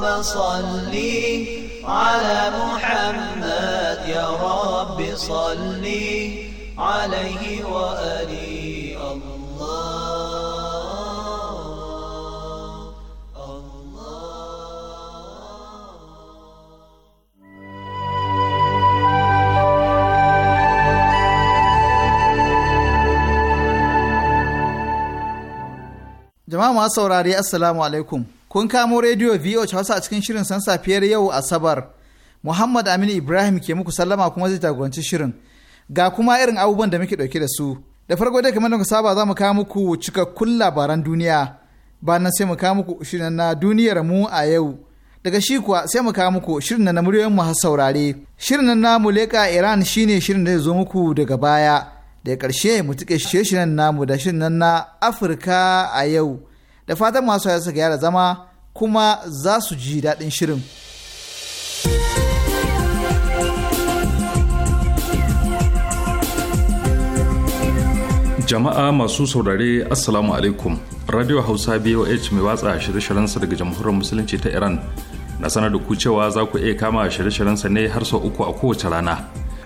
اللهم صلي على محمد يا رب صلي عليه وآله jama'a masu saurari assalamu alaikum kun kamo rediyo VOH Hausa a cikin shirin sansafiyar safiyar yau Asabar. Muhammad Aminu Ibrahim ke muku sallama kuma zai jagoranci shirin. Ga kuma irin abubuwan da muke ɗauke da su. Da farko dai kamar da saba za mu kawo muku cikakkun labaran duniya. ba nan sai mu kawo muku shirin na duniyar mu a yau. Daga shi kuwa sai mu kawo muku shirin na muryoyin mu saurare. Shirin na mu leƙa Iran shine shirin da zai zo muku daga baya. Da ya karshe mu tike shirin namu da shirin na Afirka a yau. da fatan masu haya suka gyara zama kuma za su ji daɗin shirin. jama'a masu saurare assalamu alaikum radio hausa boh mai watsa shirye-shiryensa daga jamhuriyar musulunci ta iran na sanar da ku cewa za ku iya kama shirye-shiryensa ne har sau uku a kowace rana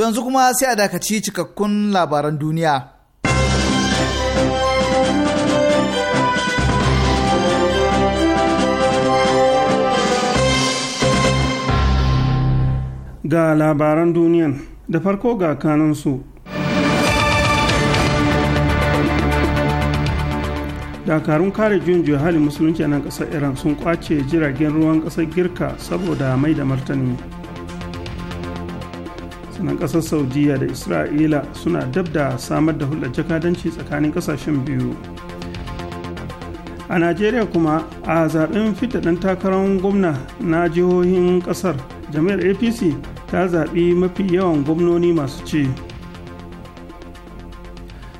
To yanzu kuma sai a dakaci cikakkun labaran duniya. Ga labaran duniyan da farko ga kanansu. dakarun kare juyin juya halin musulunci a nan ƙasar iran sun kwace jiragen ruwan ƙasar girka saboda mai da martani na kasar saudiya da isra'ila suna dab da samar da hulɗar jakadanci tsakanin kasashen biyu a najeriya kuma a zaben ɗan takarar gwamna na jihohin ƙasar jami'ar apc ta zaɓi mafi yawan gwamnoni masu ci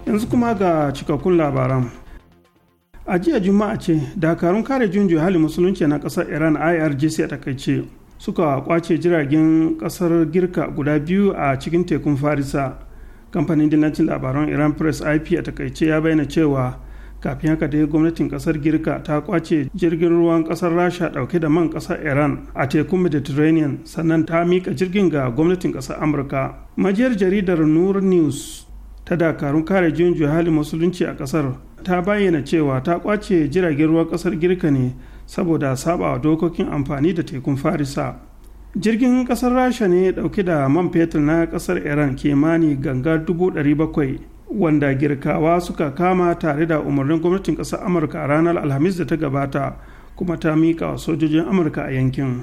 yanzu kuma ga cikakkun labaran a jiya juma'a ce dakarun kare junjo hali musulunci na ƙasar iran irgc a takaice suka kwace jiragen kasar girka guda biyu a cikin tekun farisa kamfanin dinancin labaran iran press ip a takaice ya bayyana cewa kafin haka dai gwamnatin kasar girka ta kwace jirgin ruwan kasar rasha dauke da man kasar iran a tekun mediterranean sannan ta mika jirgin ga gwamnatin kasar amurka majiyar jaridar nur news ta dakarun kare juyin halin musulunci a kasar ta bayyana cewa ta kwace jiragen ruwan kasar girka ne saboda sabawa dokokin amfani da tekun farisa jirgin kasar rasha ne dauke da man fetur na kasar iran kimani ganga 700 wanda girkawa suka kama tare da umarnin gwamnatin kasar amurka ranar alhamis da ta gabata kuma ta mika sojojin amurka a yankin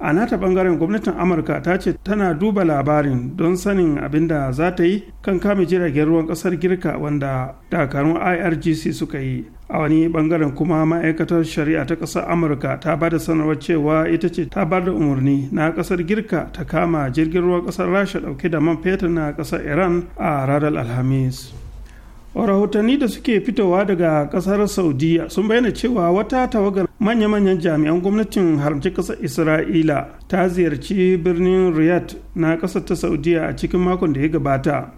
a nata bangaren gwamnatin amurka ta ce tana duba labarin don sanin abin da za ta yi kan kame jiragen ruwan kasar girka wanda dakarun irgc suka yi a wani bangaren kuma ma'aikatar shari'a ta ƙasar amurka ta ba da sanarwar cewa ita ce ta ba da umarni na ƙasar girka ta kama jirgin ruwan ƙasar rasha ɗauke da man fetur na ƙasar iran a ranar alhamis rahotanni da suke fitowa daga kasar saudiya sun bayyana cewa wata tawagar manya-manyan jami'an gwamnatin haramci kasar isra'ila ta ziyarci birnin riyadh na kasar ta saudiya a cikin makon da ya gabata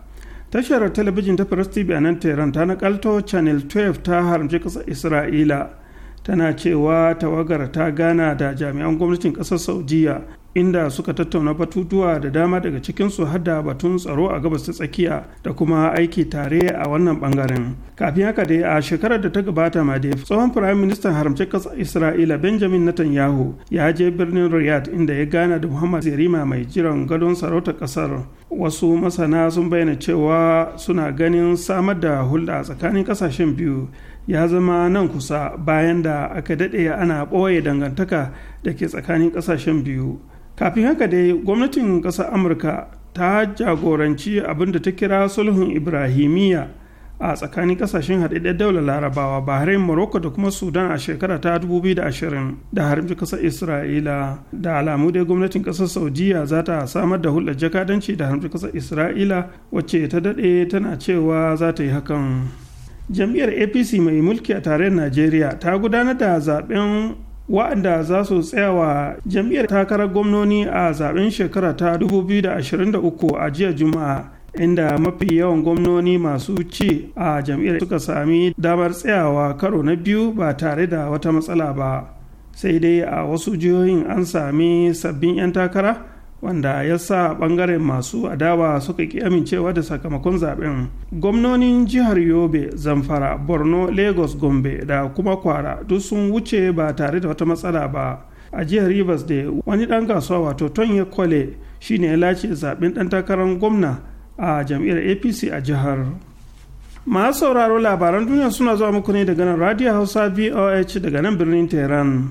tashar talabijin ta first tv a nan tehran ta nakalto channel 12 ta haramci kasar isra'ila tana cewa tawagar ta gana da jami'an gwamnatin ƙasar saudiya inda suka tattauna batutuwa da dama daga cikinsu har da batun tsaro a gabas ta tsakiya da kuma aiki tare a wannan bangaren kafin haka dai a shekarar da ta gabata ma dai tsohon firayim ministan haramce kasar isra'ila benjamin netanyahu ya je birnin riyadh inda ya gana da muhammad zerima mai jiran gadon sarauta ƙasar wasu masana sun bayyana cewa suna ganin samar da hulɗa tsakanin ƙasashen biyu ya zama nan kusa bayan da aka daɗe ana ɓoye dangantaka da ke tsakanin ƙasashen biyu kafin haka dai gwamnatin ƙasar amurka ta jagoranci abinda ta kira sulhun ibrahimiyya a tsakanin kasashen haɗaɗɗen daular larabawa bahrain morocco da kuma sudan a shekara ta 2020 da harbin ƙasar isra'ila da alamu dai gwamnatin ƙasar saudiya za ta samar da hulɗar jakadanci da harbin ƙasar isra'ila wacce ta daɗe tana cewa za ta yi hakan jam'iyyar apc mai mulki a tarayyar najeriya ta gudanar da zaben wa'anda za su wa jam'iyyar takarar gwamnoni a zaben shekara ta 2023 a jiya juma'a inda mafi yawan gwamnoni masu ci a jam'iyyar suka sami damar tsayawa karo na biyu ba tare da wata matsala ba sai dai a wasu jihohin an sami sabbin 'yan takara wanda ya sa bangaren masu adawa suka ki amincewa da sakamakon zaben gwamnonin jihar yobe zamfara borno lagos gombe da kuma kwara duk sun wuce ba tare da wata matsala ba a jihar rivers da wani dan kasuwa wato tonya kwale shine ya lace zaben dan takarar gwamna a jam'iyyar apc a jihar masu sauraro labaran duniya suna zuwa muku ne daga nan radio hausa voh daga nan birnin tehran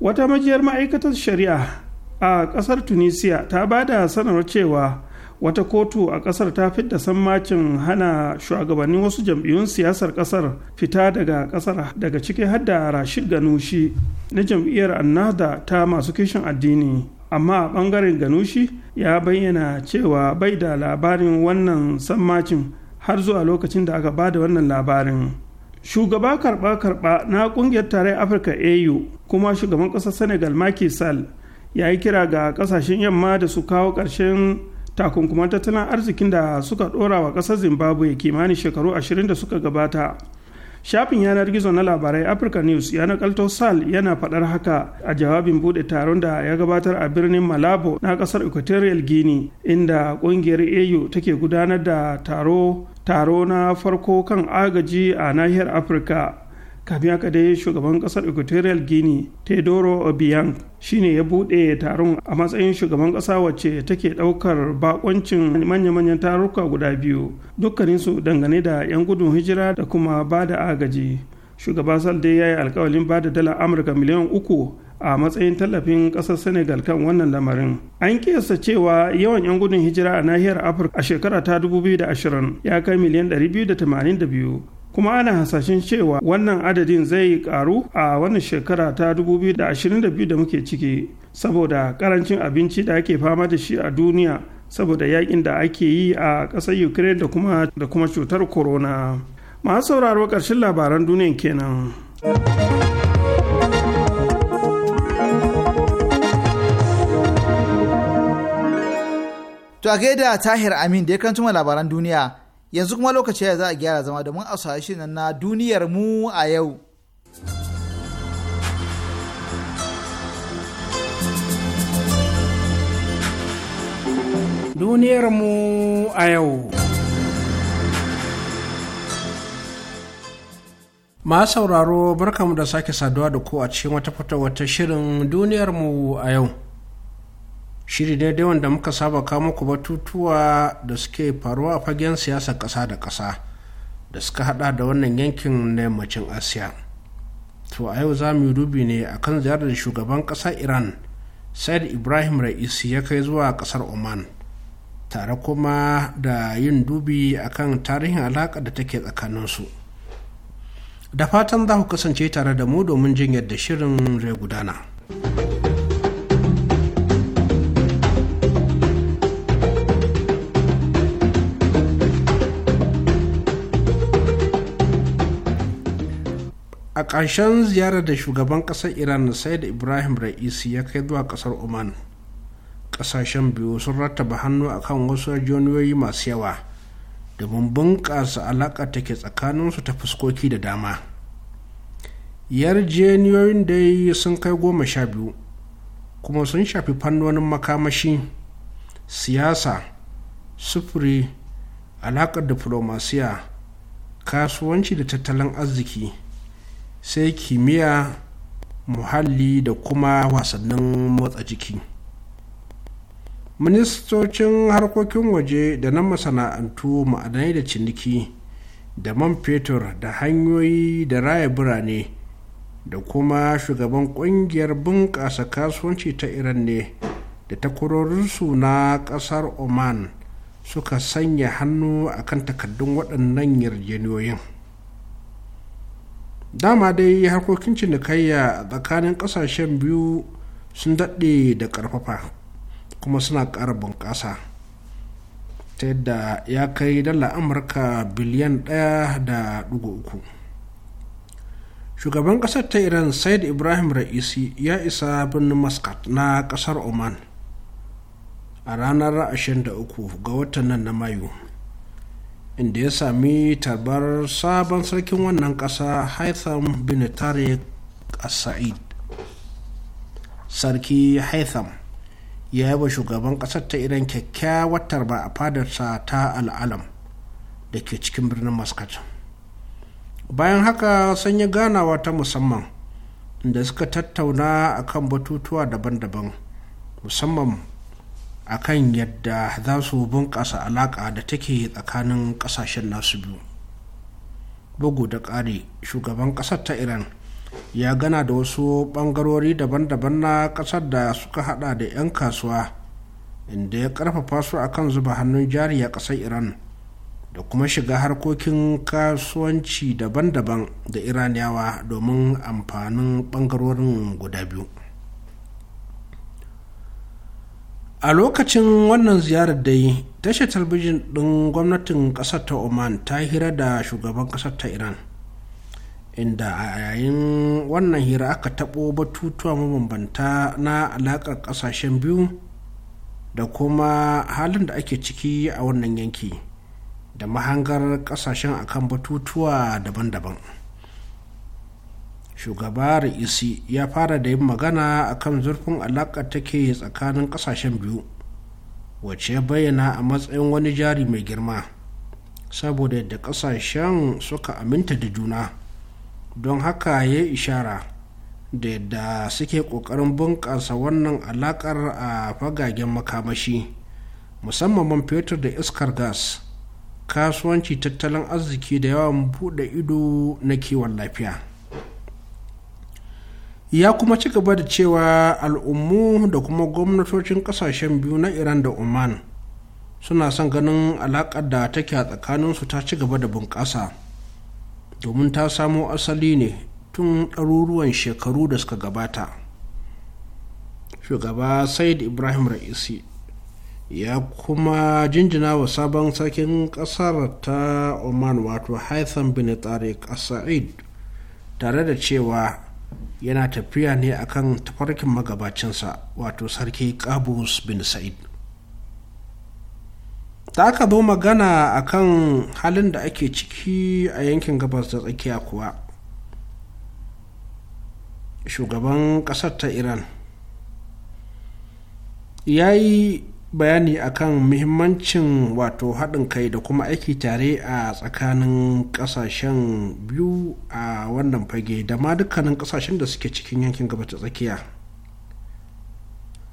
wata majiyar ma'aikatar shari'a a kasar tunisia ta ba da sanarwar cewa wata kotu a kasar ta fidda sammacin hana shugabannin wasu jam'iyyun siyasar kasar fita daga kasar daga ciki hadda rashid ganushi na jam'iyyar annada ta masu kishin addini amma a bangaren ganushi ya bayyana cewa bai da labarin wannan sammacin har zuwa lokacin da aka ba da wannan labarin shugaba karba karba na kungiyar tarayyar afirka au kuma shugaban kasar senegal Macky Sall ya yi kira ga kasashen yamma da su kawo ƙarshen takunkuman tattalin arzikin da suka ɗora wa ƙasar zimbabwe kimanin shekaru 20 da suka gabata shafin yanar gizo na labarai africa news ya nakalto sal yana faɗar haka a jawabin bude taron da ya gabatar a birnin malabo na ƙasar equatorial guinea inda ƙungiyar au take gudanar da taro taro na farko kan agaji a nahiyar afirka kafin aka dai shugaban kasar equatorial guinea tedoro obiang shine ya bude taron a matsayin shugaban kasa wacce take daukar bakoncin manya-manyan taruka guda biyu dukkaninsu dangane da 'yan gudun hijira da kuma ba da agaji shugaba dai ya yi alkawalin ba da dala amurka miliyan uku a matsayin tallafin kasar senegal kan wannan lamarin an kiyasta cewa yawan 'yan gudun hijira a nahiyar afirka a shekara ta 2020 ya kai miliyan 282 kuma ana hasashen cewa wannan adadin zai karu a wannan shekara ta 2022 da muke ciki saboda karancin abinci da ake fama da shi a duniya saboda yakin da ake yi a ƙasar ukraine da kuma cutar corona masu sauraro ƙarshen labaran duniyan kenan to a gaida tahir amin da ya kan labaran duniya yanzu kuma lokaci ya za a gyara zama domin a sashi na duniyar mu a yau. Duniyar mu a yau. Ma sauraro barkamu da sake saduwa da ku a cikin wata fita wata shirin duniyar mu a yau. shiri daidai wanda muka saba kawo muku batutuwa da suke faruwa a fagen siyasar ƙasa da ƙasa da suka hada da wannan yankin na yammacin asiya to a yau za mu yi dubi ne akan ziyarar shugaban ƙasa iran said ibrahim ra'isi ya kai zuwa ƙasar oman tare kuma da yin dubi akan tarihin alaƙa da take tsakaninsu da fatan za ku kasance tare da mu domin jin yadda shirin zai gudana. a ƙarshen ziyarar da shugaban ƙasar iran sai da ibrahim ra'isi ya kai zuwa ƙasar oman ƙasashen biyu sun rattaba hannu a kan wasu rajoniyoyi masu yawa domin bunƙasa alaƙa ta ke tsakaninsu ta fuskoki da dama yarjeniyoyin da yi sun kai goma sha biyu kuma sun shafi fannonin makamashi siyasa sufuri alaƙar diflomasiya kasuwanci da tattalin arziki sai kimiyya muhalli da kuma wasannin motsa jiki ministocin harkokin waje da na masana'antu ma'adanai da ciniki da man fetur da hanyoyi da raya birane da kuma shugaban kungiyar bunƙasa kasuwanci ta iran ne da takwarorinsu na ƙasar oman suka sanya hannu a kan takaddun waɗannan yarjejeniyoyin. dama dai harkokin cinikayya tsakanin ƙasashen biyu sun daɗe da ƙarfafa kuma suna ƙara bunƙasa ta yadda ya kai dala amurka biliyan ɗaya da ɗigo uku shugaban ƙasar ta iran said ibrahim ra'isi ya isa birnin muscat na ƙasar oman a ranar 23 ga watan nan na mayu inda ya sami tarbar sabon sarkin wannan ƙasa haitham bin tariq said sarki haitham ya yi wa shugaban ƙasar ta iran kyakkyawar tarba a fadarsa ta al'alam da ke cikin birnin muscat bayan haka sun yi ganawa ta musamman da suka tattauna akan batutuwa daban-daban musamman a kan yadda za su bunƙasa alaƙa da take tsakanin ƙasashen nasu biyu bugu da ƙari shugaban ƙasar ta iran ya gana da wasu ɓangarori daban-daban na ƙasar da suka hada da 'yan kasuwa inda ya ƙarfafa su akan zuba hannun jari a ƙasar iran da kuma shiga harkokin kasuwanci daban-daban da iraniyawa domin amfanin ɓangarorin guda biyu a lokacin wannan ziyarar dai tashar talbijin ɗin gwamnatin ƙasar ta oman ta hira da shugaban ƙasar ta iran inda a yayin wannan hira aka taɓo batutuwa mabambanta na alaƙar ƙasashen biyu da kuma halin da ake ciki a wannan yanki da mahangar ƙasashen akan batutuwa daban-daban. shugaba Isi ya fara da yin magana a kan zurfin alaƙa take tsakanin ƙasashen biyu wacce ya bayyana a matsayin wani jari mai girma saboda yadda ƙasashen suka aminta da juna don haka ya ishara da yadda suke ƙoƙarin bunƙasa wannan alaƙar a fagagen makamashi musamman man fetur da iskar gas kasuwanci tattalin arziki da yawan buɗe ido na kiwon lafiya. ya kuma ci gaba da cewa al'ummu da kuma gwamnatocin kasashen biyu na iran da oman suna son ganin alaƙar da take a tsakaninsu ta ci gaba da bunƙasa domin ta samo asali ne tun ɗaruruwan shekaru da suka gabata shugaba said ibrahim ra'isi ya kuma jinjina wa sabon sarkin ƙasar ta oman wato haitham bin tariq sa'id tare da cewa yana tafiya ne akan tafarkin magabacinsa wato sarki qabus bin sa'id ta aka zo magana akan halin da ake ciki a yankin gabas da tsakiya kuwa shugaban ƙasar ta iran ya yi bayani akan muhimmancin wato haɗin kai da kuma aiki tare a tsakanin ƙasashen biyu a wannan fage da ma dukkanin ƙasashen da suke cikin yankin gaba ta tsakiya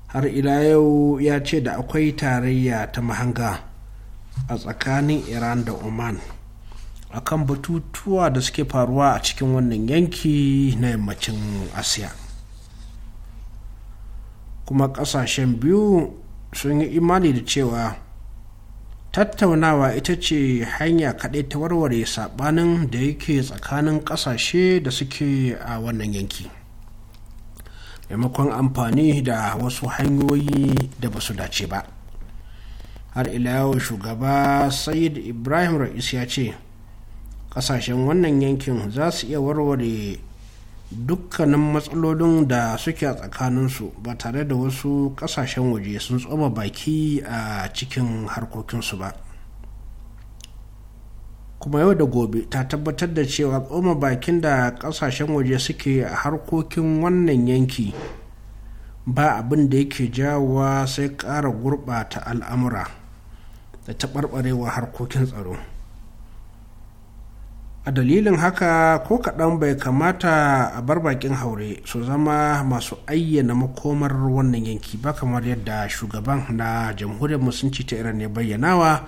har ila yau ya ce da akwai tarayya ta mahanga a tsakanin iran da oman akan batutuwa da suke faruwa a cikin wannan yanki na yammacin asiya kuma ƙasashen biyu sun yi imani da cewa tattaunawa ita ce hanya kaɗai ta warware saɓanin da yake tsakanin ƙasashe da suke a wannan yanki maimakon amfani da wasu hanyoyi da ba su dace ba har ila yau shugaba sayid ibrahim ra'is ya ce ƙasashen wannan yankin za su iya warware dukkanin matsalolin da suke tsakaninsu ba tare da wasu kasashen waje sun tsoma baki a cikin harkokinsu ba kuma yau da gobe ta tabbatar da cewa tsoma bakin da kasashen waje suke a harkokin wannan yanki ba abin da yake jawowa sai kara gurɓata al'amura da taɓarɓarewa harkokin tsaro a dalilin haka ko kaɗan bai kamata a bar bakin haure su zama masu ayyana makomar wannan yanki ba kamar yadda shugaban na jamhuriyar musulunci ta iran ne bayyanawa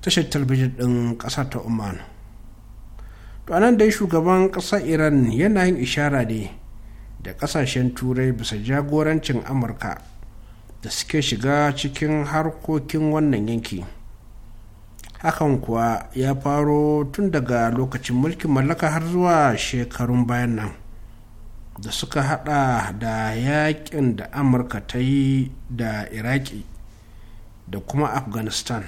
tashar talbijin ɗin ƙasa ta oman to anan dai shugaban ƙasar iran yana yin ishara ne da ƙasashen turai bisa jagorancin amurka da suke shiga cikin harkokin wannan yanki. hakan kuwa ya faro tun daga lokacin mulkin mallaka har zuwa shekarun bayan nan da suka hada da yakin da amurka ta yi da iraki da kuma afghanistan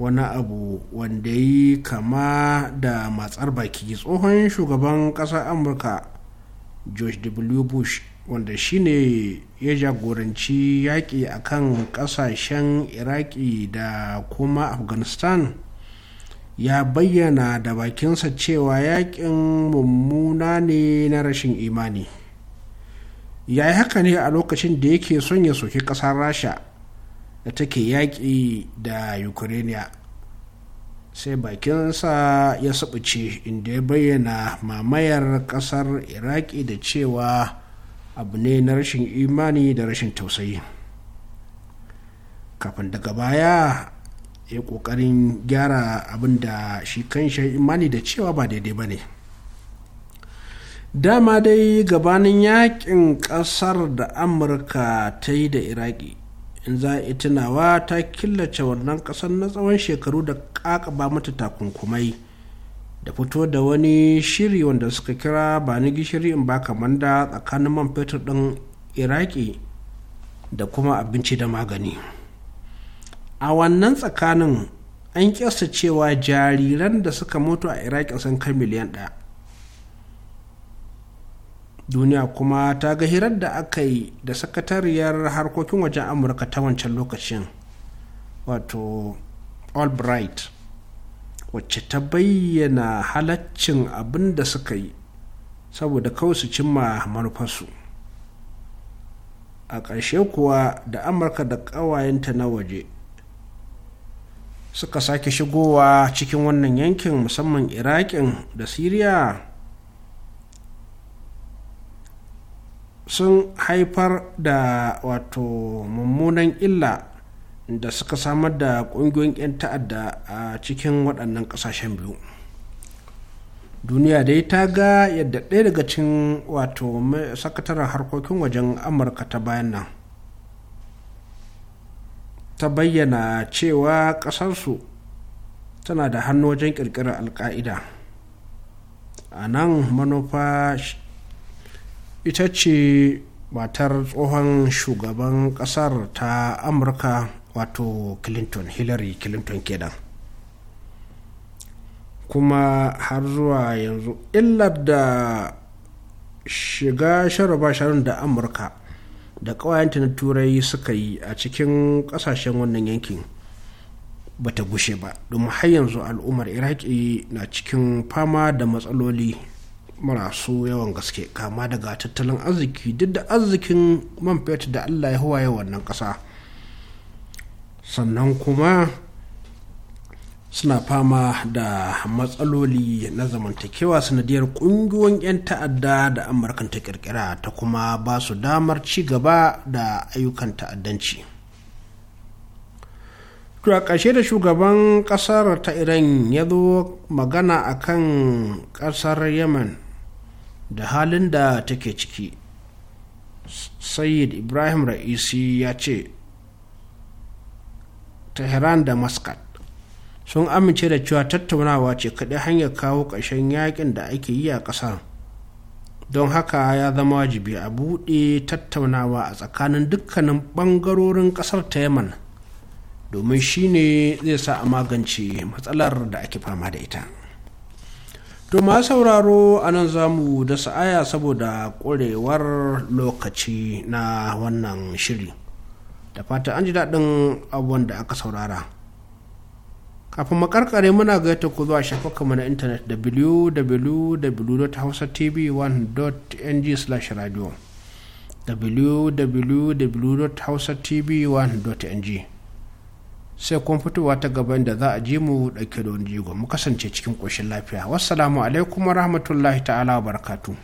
wani abu wanda yi kama da matsar baki tsohon shugaban ƙasar amurka george w bush wanda shi ne ya jagoranci yaƙi a kan ƙasashen iraki da kuma afghanistan ya bayyana da bakinsa cewa yaƙin mummuna ne na rashin imani ya yi haka ne a lokacin da yake son ya soki ƙasar rasha da take yaƙi da ukraine sai bakinsa ya suɓuce inda ya bayyana mamayar ƙasar iraki da cewa abu ne na rashin imani da rashin tausayi kafin daga baya ya ƙoƙarin gyara abin da shi kan shi imani da cewa ba daidai ba ne dama dai gabanin yakin ƙasar da amurka ta yi da iraki in za a tunawa ta killace wannan ƙasar na tsawon shekaru da ƙaƙaba mata takunkumai da fito da wani shiri wanda suka kira ba ni gishiri in ba manda tsakanin man fetur ɗin iraki da kuma abinci da magani a wannan tsakanin an kyasta cewa jariran da suka mutu a iraki sun kai miliyan ɗaya duniya kuma ta ga hirar da aka yi da sakatariyar harkokin wajen amurka ta wancan lokacin wato albright wacce ta bayyana halaccin abin da suka yi saboda kawai su cimma manufarsu a ƙarshe kuwa da amurka da ƙawayenta na waje suka sake shigowa cikin wannan yankin musamman iraƙin da siriya sun haifar da wato mummunan illa da suka samar da ƙungiyoyin 'yan ta'adda a cikin waɗannan ƙasashen biyu duniya dai ta ga yadda ɗaya daga cikin wato sakataren harkokin wajen amurka ta bayan nan ta bayyana cewa ƙasarsu tana da hannu wajen ƙirƙirar alƙa'ida. a nan manufa ita ce matar tsohon shugaban ƙasar ta amurka wato clinton hillary clinton kenan kuma har zuwa yanzu illar da shiga sharaba sharon da amurka da ƙawayenta na turai suka yi a cikin ƙasashen wannan yankin ba ta gushe ba domin har yanzu al'ummar iraki na cikin fama da matsaloli marasu yawan gaske kama daga tattalin arziki duk da arzikin man fetur da allah ya huwaye wannan kasa. sannan kuma suna fama da matsaloli na zamantakewa sanadiyar kungiyoyin 'yan ta'adda da amurkan ta kirkira ta kuma ba su damar ci gaba da ayyukan ta'addanci to a ƙarshe da shugaban ƙasar ta iran ya zo magana a kan ƙasar yemen da halin da take ciki sayyid ibrahim ra'isi ya ce tehran da muscat sun amince da cewa tattaunawa ce kaɗai hanyar kawo ƙarshen yakin da ake yi a ƙasar don haka ya zama wajibi a buɗe tattaunawa a tsakanin dukkanin ɓangarorin ƙasar ta yaman domin shi ne zai sa a magance matsalar da ake fama da ita to ma sauraro a nan za mu da sa'aya saboda ƙwarewar lokaci na wannan shiri. da fata an ji daɗin abubuwan da aka saurara kafin makarkare muna gaita ku zuwa shafukanmu na intanet www.hausatv1.ng/radio www.hausatv1.ng sai kuma fitowa ta gaban da za a je mu ɗauke da wani jigo mu kasance cikin ƙoshin lafiya wassalamu alaikum wa rahmatullahi ta'ala wa barakatu.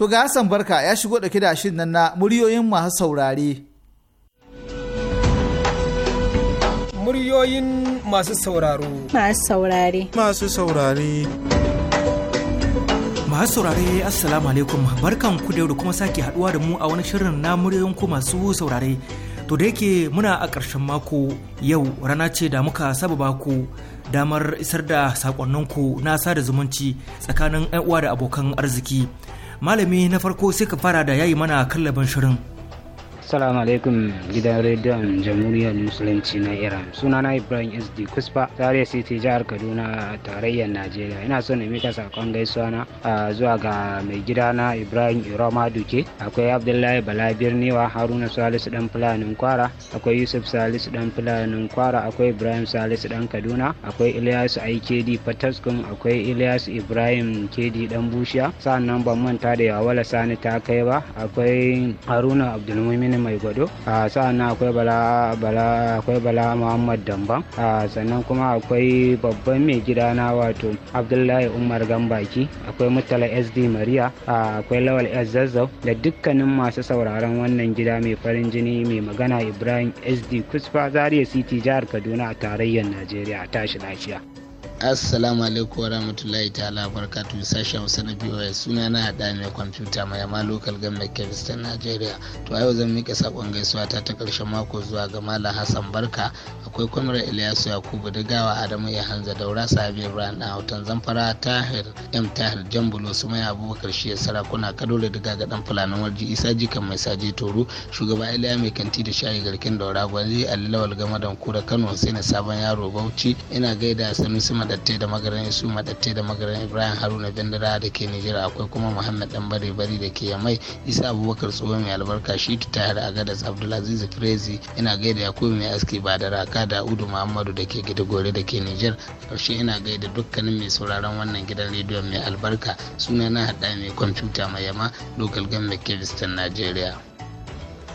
To ga Hassan Barka ya shigo ɗauke da shirin nan na muryoyin masu saurare. Muryoyin masu sauraro. Masu saurare. Masu saurare. masu saurare assalamu alaikum barkan ku da kuma sake haduwa da mu a wani shirin na muryoyin ku masu saurare to da yake muna a ƙarshen mako yau rana ce da muka saba baku damar isar da sakonninku na sada zumunci tsakanin uwa da abokan arziki malami na farko sai ka fara da yayi mana kallaban shirin Assalamu alaikum gidan rediyon jamhuriyar musulunci na Iran. Suna na Ibrahim SD Kuspa, Zaria City jihar Kaduna a tarayyar Najeriya. Ina so na mika sakon gaisuwa na zuwa ga mai gida na Ibrahim Iroma Duke, akwai Abdullahi Bala Birniwa, Haruna Salisu dan Fulanin Kwara, akwai Yusuf Salisu dan Fulanin Kwara, akwai Ibrahim Salisu dan Kaduna, akwai Ilyasu IKD Fataskum, akwai Ilyasu Ibrahim KD dan Bushiya. Sa'annan ban manta da Yawala Sani ta kai ba, akwai Haruna Abdulmumin Mai Gwado sa'an akwai Bala Bala akwai Bala Muhammad Damban sannan kuma akwai babban mai gida na wato Abdullahi Umar Gambaki akwai Murtala SD Maria akwai Lawal S Zazzau da dukkanin masu sauraron wannan gida mai farin jini mai magana Ibrahim SD Kusfa Zariya City jihar Kaduna a tarayyar Najeriya tashi lafiya. assalamu alaikum warahmatullahi ta'ala barkatu sashi hausa na pos suna na hada mai kwamfuta mai lokal local government kebistan nigeria to yau zan mika sakon gaisuwa ta ta karshen mako zuwa ga malam hassan barka akwai kwamrar ilyasu yakubu gawa adamu ya hanza daura sabi ibrahim na hoton zamfara tahir m tahir jan bulo su mai abubakar shi sarakuna da diga ga dan fulanin warji isa jikan mai saje toro shugaba iliya mai kanti da shayi garkin daura gwanzi alilawal da kura kano sai na sabon yaro bauchi ina gaida sanusi madatte da magaran su madatte da magaran ibrahim haruna dandara da ke nijar akwai kuma muhammad dan bare bari da ke yamai isa abubakar tsoho mai albarka shi tayar a gadas abdulaziz firezi ina gaida yakubu mai aski ba da raka da udu muhammadu da ke gida gore da ke nijar karshe ina gaida dukkanin mai sauraron wannan gidan rediyon mai albarka suna na haɗa mai kwamfuta mai yama local government kevistan Nigeria.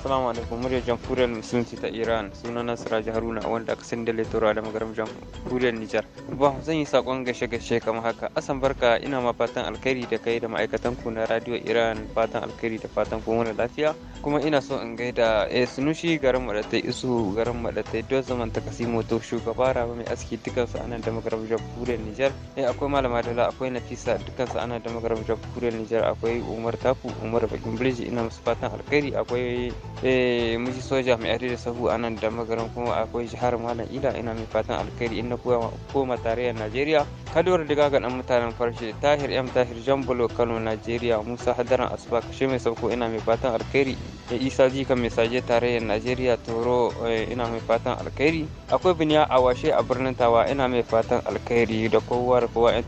Assalamu alaikum muryar jamhuriyar musulunci ta Iran suna Nasira Haruna wanda aka sanda da Letoro da magaram jamhuriyar Nijar. Ba zan yi sakon gashe gashe kamar haka. Asan barka ina ma fatan alkhairi da kai da ma'aikatan ku na Radio Iran fatan alkhairi da fatan ku wani lafiya. Kuma ina so in gaida a eh, Sunushi garin Madatai Isu garin Madatai don zaman ta kasi moto shugaba Raba mai aski dukkan su anan da magaram jamhuriyar Nijar. Eh akwai Malama Dala akwai Nafisa dukkan su anan da magaram jamhuriyar Nijar akwai Umar Tafu Umar Bakin Birji ina musu fatan alkhairi akwai Eh, mun so jami'ai da sahu a nan da magaran kuma akwai jihar malam ila ina mai fatan alkhairi inda koma tarayyar najeriya kaduwar diga ga dan mutanen farshe tahir m tahir jambulo kano najeriya musa hadaran asuba kashe mai sauko ina mai fatan alkhairi ya isa jika mai saje tarayyar najeriya toro eh, ina mai fatan alkhairi akwai biniya a washe a birnin tawa ina mai fatan alkhairi da kowar kowa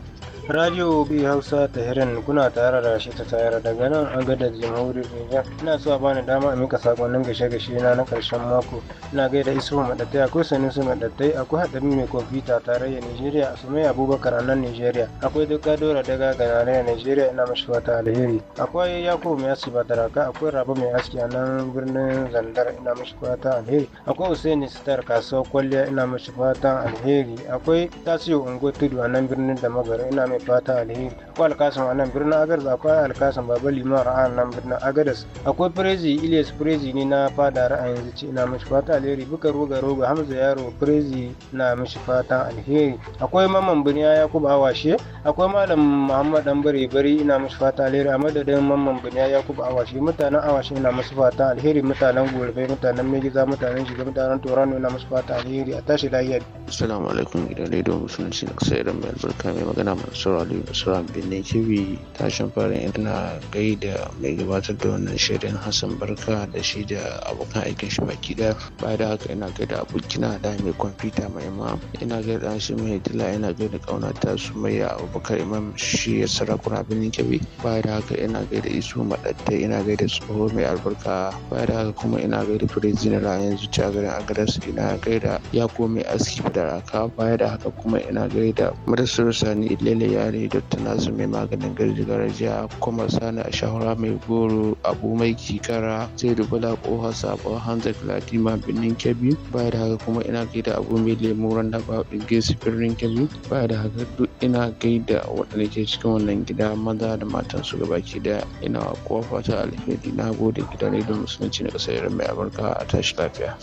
Radio B Hausa ta Tahiran kuna tare da shi ta tayar daga nan an gada jamhuriyar Nijar. Ina so a bani dama a mika sakonnin gashe-gashe na na karshen mako. Ina gaida iso madattai akwai su madattai akwai haɗari mai kwamfuta da Nijeriya a sumai Abubakar a nan Nijeriya. Akwai duka dora daga ga a Nijeriya ina mashi wata alheri. Akwai Yakubu mai aski badaraka akwai Rabu mai aski a nan birnin Zandar ina mashi wata alheri. Akwai Hussein Sitar kasuwar kwalliya ina mashi wata alheri. Akwai Tasiyo Ungo Tudu a nan birnin Damagara ina mai mai fata alheri akwai alkasan a nan birnin agadas akwai alkasan baba liman a nan birnin agadas akwai firezi ilias firezi ne na fada ra'ayin zuci na mishi fata alheri buka roga roga hamza yaro firezi na mishi fata alheri akwai maman biniya yakubu awashe akwai malam muhammad dan bare bare ina mishi fata alheri a madadin maman biniya yakubu awashe mutanen awashe ina mishi fata alheri mutanen gurbe mutanen megiza mutanen shiga mutanen torano ina mishi fata alheri a tashi lafiya assalamu alaikum gidan rediyo musulunci na kasar iran mai albarka mai magana masu Nasiru Aliyu Basura Benin Kibi tashin farin ina gaida mai gabatar da wannan shirin Hassan Barka da shi da abokan aikin shi baki daya. Baya da haka ina gaida abokina da mai kwamfuta mai ma ina gaida shi mai dila ina gaida kaunata su mai abubakar imam shi ya sarakuna Benin Kibi. Baya da haka ina gaida isu maɗatta ina gaida tsoho mai albarka. Baya da haka kuma ina gaida firezina na yanzu cagarin agaras ina gaida ya mai aski da raka. Baya da haka kuma ina gaida madasar sani ilele yare Dr. mai maganin gargajiya kuma sani a shahara mai goro abu mai kikara zai dubula kohar sabon hanzar ma birnin kebbi baya da haka kuma ina gaida abu mai lemu randa ba gesu birnin kebbi baya da haka duk ina gaida waɗanda ke cikin wannan gida maza da matan su gabaki daya ina kowa fata alheri na gode gidan rediyo musulunci na ƙasar mai amurka a tashi lafiya.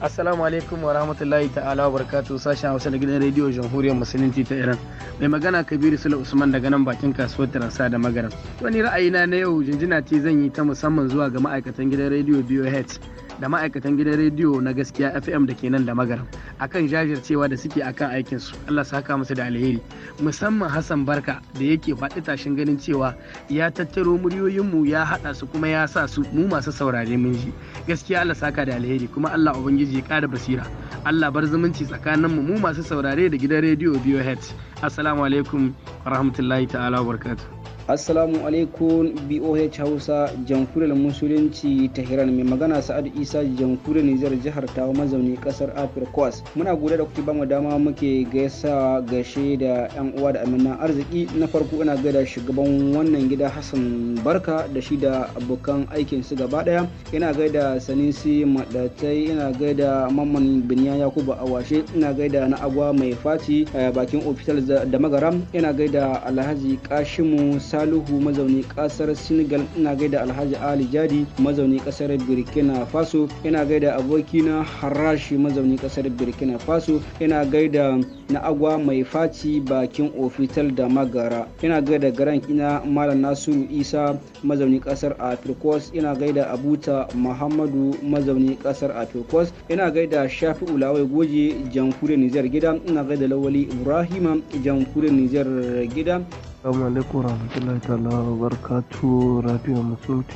Assalamu alaikum wa rahmatullahi ta'ala wa barakatu sashen Hausa da gidan rediyo Jamhuriyar Musulunci ta Iran. Mai magana Kabiru sula Usman daga nan bakin kasuwar Taransa da Magaran. Wani ra'ayina na yau jinjina ce zan yi ta musamman zuwa ga ma'aikatan gidan rediyo BOH da ma'aikatan gidan rediyo na gaskiya FM da ke nan da Magaran akan jajircewa da suke akan aikin su. Allah sa haka musu da alheri. Musamman Hassan Barka da yake faɗi tashin ganin cewa ya tattaro muryoyinmu ya haɗa su kuma ya sa su mu masu saurare mun ji. gaskiya Allah saka da alheri kuma Allah ubangiji ya ƙara basira Allah bar zumunci tsakanin mu mu masu saurare da gidan rediyo biyo assalamu alaikum warahmatullahi ta'ala wabarakatuh assalamu alaikum boh hausa jamhuriyar musulunci tehran mai magana sa'adu isa jamhuriyar nijar jihar ta mazauni kasar afirkos muna gode da kuke bamu dama muke gaisa gashe da yan uwa da aminan arziki na farko ina gaida shugaban wannan gida hassan barka da shi da abokan aikin su gaba daya ina gaida sanisi madatai ina gaida mamman biniya yakubu awashe ina gaida na agwa mai fati eh, bakin ofital da magaram ina gaida alhaji kashimu sa Salihu mazauni kasar Senegal ina gaida Alhaji Ali Jadi mazauni kasar Burkina Faso ina gaida abokina Harashi mazauni kasar Burkina Faso ina gaida na agwa mai faci bakin ofital da magara ina gaida garan ina malam nasiru isa mazauni kasar afirkos ina gaida abuta muhammadu mazauni kasar afirkos ina gaida shafi ulawai goje jamhuriyar nijar gida ina gaida lawali Ibrahim jamhuriyar nijar gida Assalamu alaikum warahmatullahi ta'ala wa barakatuhu Radio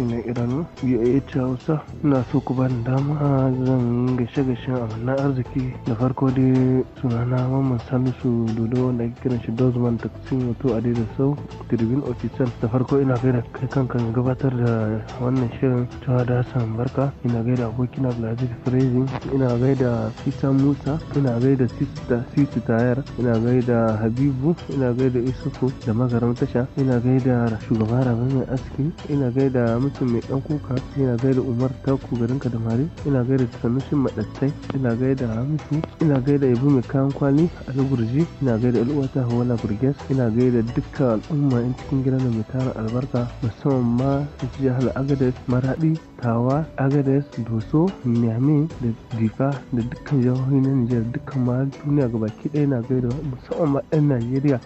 na Iran BAH Hausa ina so ku bani dama zan gashe gashen wannan arziki da farko dai sunana Mamman Salisu Dodo wanda ake kiran shi Dozman Taksin wato a daidai sau Tribune Official da farko ina gaida kai kanka gabatar da wannan shirin ta da san Barka ina gaida abokina Abdulaziz Frezi ina gaida Isa Musa ina gaida Sita Tayar ina gaida Habibu ina gaida Isufu da maza mazarar tasha ina gaida shugaba rabe mai aski ina gaida mutum mai dan kuka ina gaida umar taku garin kadamare ina gaida tanushin madattai ina gaida hamisu ina gaida ibu mai kayan kwali a lagurji ina gaida al'uwata hawala burges ina gaida dukkan al'umma yan cikin gidan mai tara albarka musamman ma jihar agadez maradi tawa agadez doso niamey da difa da dukkan jihohi na nijar dukkan ma duniya gabaki ɗaya na gaida musamman ma 'yan najeriya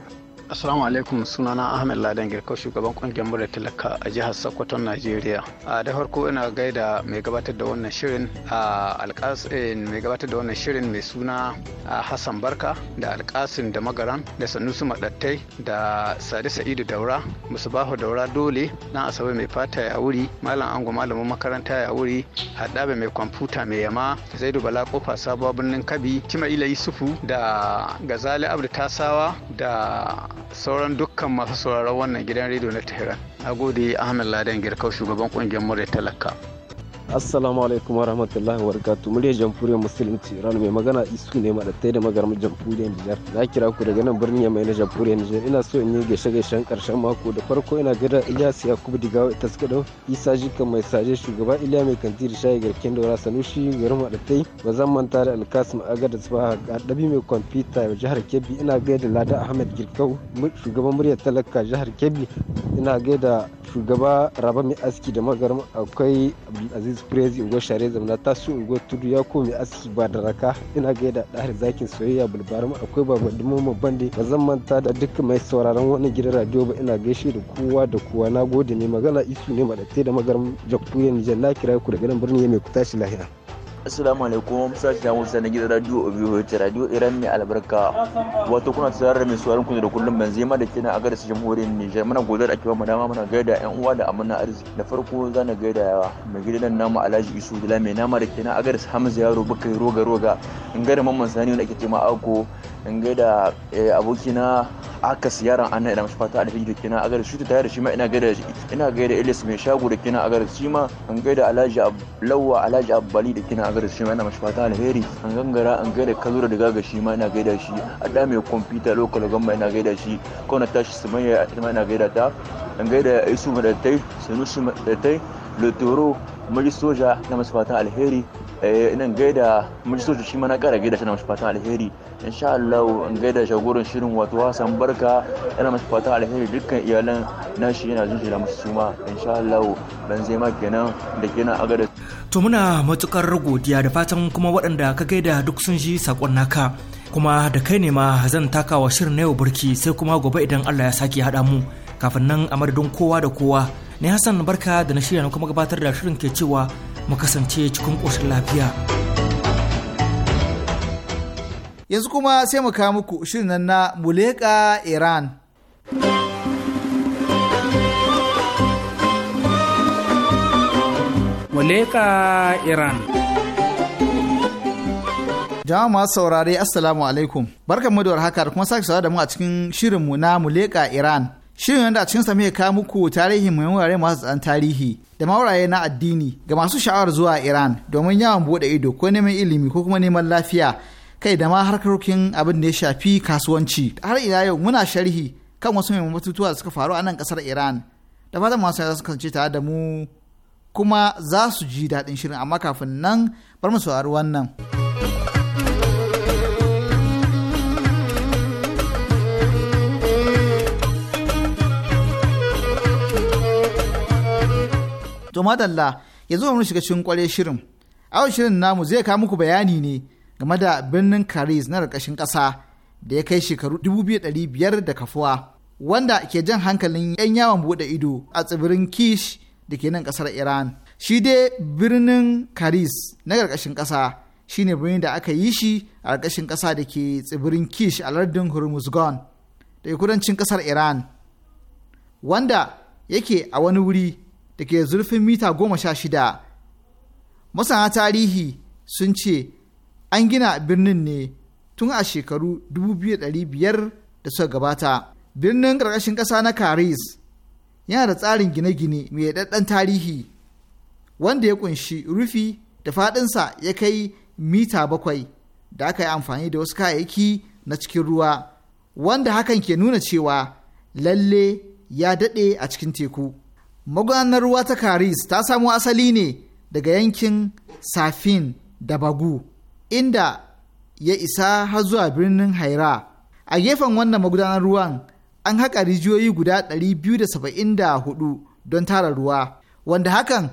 Assalamu alaikum sunana Ahmed Ladan Girka shugaban kungiyar mura talaka a jihar Sokoto Najeriya. A da farko ina gaida mai gabatar da wannan shirin a alƙasin eh, mai gabatar da wannan shirin mai suna Hassan Barka da alkasin da magaran da su Madattai da Sadi Sa'idu Daura Bahu Daura Dole na Asabe mai fata ya wuri Malam Ango malamin makaranta ya wuri Haɗabe mai kwamfuta mai yama Zaidu Bala Kofa sabuwar birnin Kabi Kima Ila Yusufu da Gazali Abdu Tasawa da sauran dukkan masu sauraron wannan gidan rediyo na tehran na gode ahmed ladan girkau shugaban kungiyar murya talaka assalamu alaikum warahmatullahi wabarakatuh muryar jamhuriyar musulunci iran mai magana isu ne madattai da magarmar jamhuriyar nijar na kira ku daga nan birnin mai na jamhuriyar nijar ina so in yi gaishe gaishen karshen mako da farko ina gaida ilyas yakubu digawa ita suka isa jika mai saje shugaba iliya mai kanti da shayi garken daura sanushi garin tai ba zan manta da alkasim aga da a ɗabi mai kwamfuta jihar kebbi ina gaida lada ahmed girkau shugaban muryar talaka jihar kebbi ina gaida shugaba rabami aski da magarma akwai abdulaziz isu prezi unguwar share ta su unguwar tudu ya komi aski ba da raka ina gaida ɗahar zakin soyayya bulbarmu akwai baba mu bande ba zan manta da duk mai sauraron wannan gidan radio ba ina gaishe da kowa da kowa na gode ne magana isu ne maɗatai da magaran jakfuriyar nijar na kira ku daga nan birnin ya mai ku tashi lahira. Assalamu alaikum sashi na Musa na gidan radio ta radio Iran mai albarka wato kuna tsare mai suwarin ku da kullum ban zema da kina a su jamhuriyar Nijar muna godar a kiwa madama dama muna gaida 'yan uwa da amana arziki da farko na gaida mai gidan namu Alhaji Isu Dila mai nama da kina a su Hamza Yaro Bakai Roga Roga in gada mamman Sani wanda ake ma Ako in gaida eh, abokina aka siyaran ana idan shi fata alheri da kina agar shi ta da shi ma ina gaida ina gaida Ilis mai shago da kina agar shi ma in gaida Alhaji lawa Alhaji Abbali da kina agar shi ma ina mashi fata alheri an gangara an gaida Kazura da gaga shi ma ina gaida shi da mai kwamfuta lokal gamma ina gaida shi Kauna tashi su ita ma ina gaida ta an gaida Isu Madatai Sanusi Madatai Lotoro Maji Soja na masu fata alheri eh, ina gaida Maji Soja shi ma na kara gaida shi na masu fata alheri insha Allah in gaida shagoran shirin wato Hassan Barka yana masa fatan alheri dukkan iyalan nashi yana jin shi da musu suma insha Allah dan zai ma kenan da kenan gaida to muna matukar godiya da fatan kuma waɗanda ka gaida duk sun ji sakon naka kuma da kai ne ma zan takawa shirin na yau birki sai kuma gobe idan Allah ya sake haɗa mu kafin nan a madadin kowa da kowa ne Hassan Barka da na shirya kuma gabatar da shirin ke cewa mu kasance cikin ƙoshin lafiya. Yanzu kuma sai mu kawo muku shirin nan na Muleka Iran. Muleka Iran. Jama'a masu saurare Assalamu alaikum. mu da warhaka da kuma sake sawa da mu a cikin shirinmu na Muleka Iran. Shirin yadda a cikin sa muke kawo muku tarihi mai wurare masu tsan tarihi da mauraye na addini ga masu sha'awar zuwa Iran domin yawon buɗe ido ko neman ilimi ko kuma neman lafiya kai da ma harkokin abin da ya shafi kasuwanci har ina yau muna sharhi kan wasu mai batutuwa da suka faru a nan kasar iran da fatan masu yaya su kasance tare da mu kuma za su ji daɗin shirin amma kafin nan bar mu saurari wannan. To madalla yanzu mu shiga cikin kware shirin. Awon shirin namu zai ka muku bayani ne game da birnin karis na ƙarƙashin ƙasa da ya kai shekaru 2,500 da kafuwa, wanda ke jan hankalin 'yan yawon buɗe ido a tsibirin Kish da ke nan ƙasar Iran. Shi dai birnin karis na ƙarƙashin ƙasa shi ne birnin da aka yi shi a ƙarƙashin ƙasa da ke tsibirin Kish a lardin Hormuzgan da kudancin ƙasar Iran, wanda yake a wani wuri da ke zurfin mita goma sha shida. Masana tarihi sun ce an gina birnin ne tun a shekaru 2500 da suka gabata birnin ƙarƙashin ƙasa na Karis yana da tsarin gine-gine mai daɗaɗɗen tarihi wanda ya ƙunshi rufi da faɗinsa ya kai mita bakwai da aka yi amfani da wasu kayayyaki na cikin ruwa wanda hakan ke nuna cewa lalle ya daɗe a cikin teku. Magudanar ruwa ta Karis ta samo asali ne daga yankin Safin da Bagu. inda ya isa har zuwa birnin haira a gefen wannan magudanar ruwan an haƙa rijiyoyi guda 274 don tara ruwa wanda hakan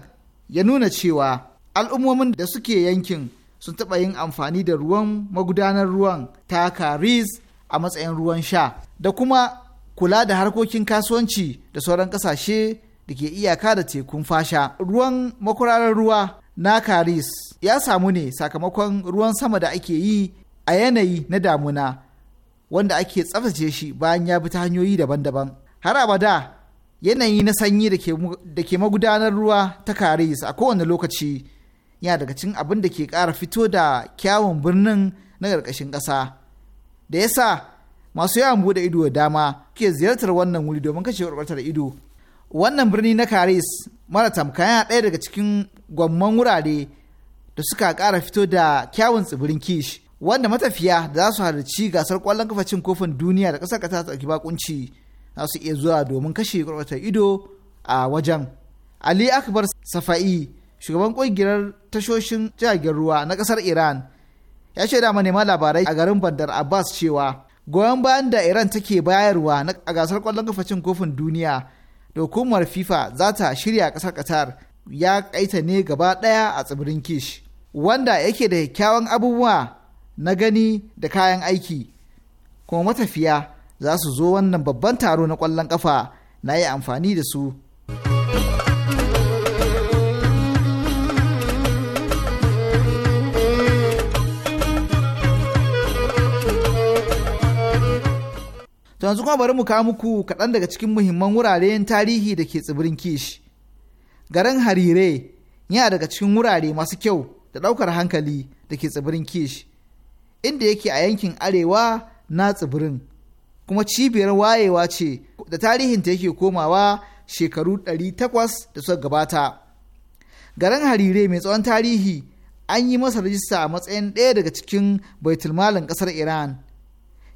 ya nuna cewa al'ummomin da suke yankin sun taɓa yin amfani da ruwan magudanar ruwan ta karis a matsayin ruwan sha da kuma kula da harkokin kasuwanci da sauran ƙasashe da ke iyaka da tekun fasha ruwan makwararar ruwa na Karis ya samu ne sakamakon ruwan sama da ake yi a yanayi na damuna wanda ake tsaftace shi bayan ya bi ta hanyoyi daban-daban. Har abada yanayi na sanyi da ke magudanar ruwa ta Karis a kowane lokaci yana daga cin abin da ke ƙara fito da kyawun birnin na ƙarƙashin ƙasa. Da ya sa masu yawan buɗe ido da dama ke ziyartar wannan wuri domin kashe ƙwarƙwatar ido. Wannan birni na Karis mara tamka yana ɗaya daga cikin gwamman wurare da suka ƙara fito da kyawun tsibirin kish wanda matafiya da za su halarci gasar ƙwallon kafa cin kofin duniya da ƙasar ƙasa ta bakunci za su iya zuwa domin kashe ƙwarƙwatar ido a wajen ali akbar safa'i shugaban ƙungiyar tashoshin jiragen ruwa na ƙasar iran ya ce da manema labarai a garin bandar abbas cewa goyon bayan da iran take bayarwa a gasar ƙwallon kafa cin kofin duniya da hukumar fifa za ta shirya ƙasar qatar ya kaita ne gaba daya a tsibirin kish wanda yake da kyakkyawan abubuwa na gani da kayan aiki kuma matafiya za su zo wannan babban taro na kwallon kafa na yi amfani da su To yanzu kuma bari mu kawo muku kaɗan daga cikin muhimman wuraren tarihi da ke tsibirin Kish. Garin Harire yana daga cikin wurare masu kyau da ɗaukar hankali da ke tsibirin Kish, inda yake a yankin arewa na tsibirin, kuma cibiyar wayewa ce da tarihinta yake komawa shekaru 800 da suka gabata. Garin Harire mai tsawon tarihi an yi masa rajista a matsayin ɗaya daga cikin baitulmalin ƙasar Iran.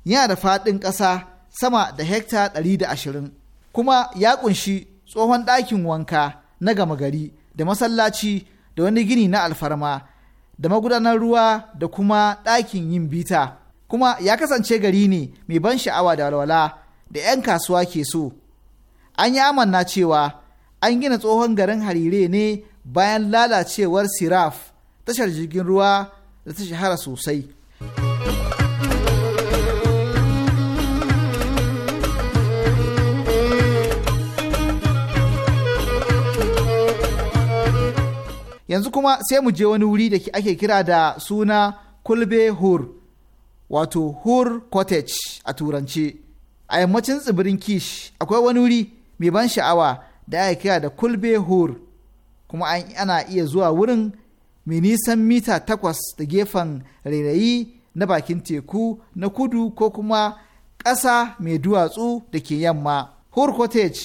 Yana da faɗin ƙasa sama da hekta 120 kuma ya kunshi tsohon ɗakin wanka na gama gari da masallaci da wani gini na alfarma da magudanar ruwa da kuma ɗakin yin bita kuma ya kasance gari ne mai ban sha'awa da walwala da 'yan kasuwa ke so an yi amanna cewa an gina tsohon garin harire ne bayan lalacewar siraf tashar jirgin ruwa da ta shahara sosai yanzu kuma sai mu je wani wuri da ake kira da suna kulbe hur wato hur cottage a turanci a yammacin tsibirin kish akwai wani wuri mai ban sha'awa da ake kira da kulbe hur kuma ana iya zuwa wurin mai nisan mita takwas da gefen rairayi na bakin teku na kudu ko kuma ƙasa mai duwatsu da ke yamma hur cottage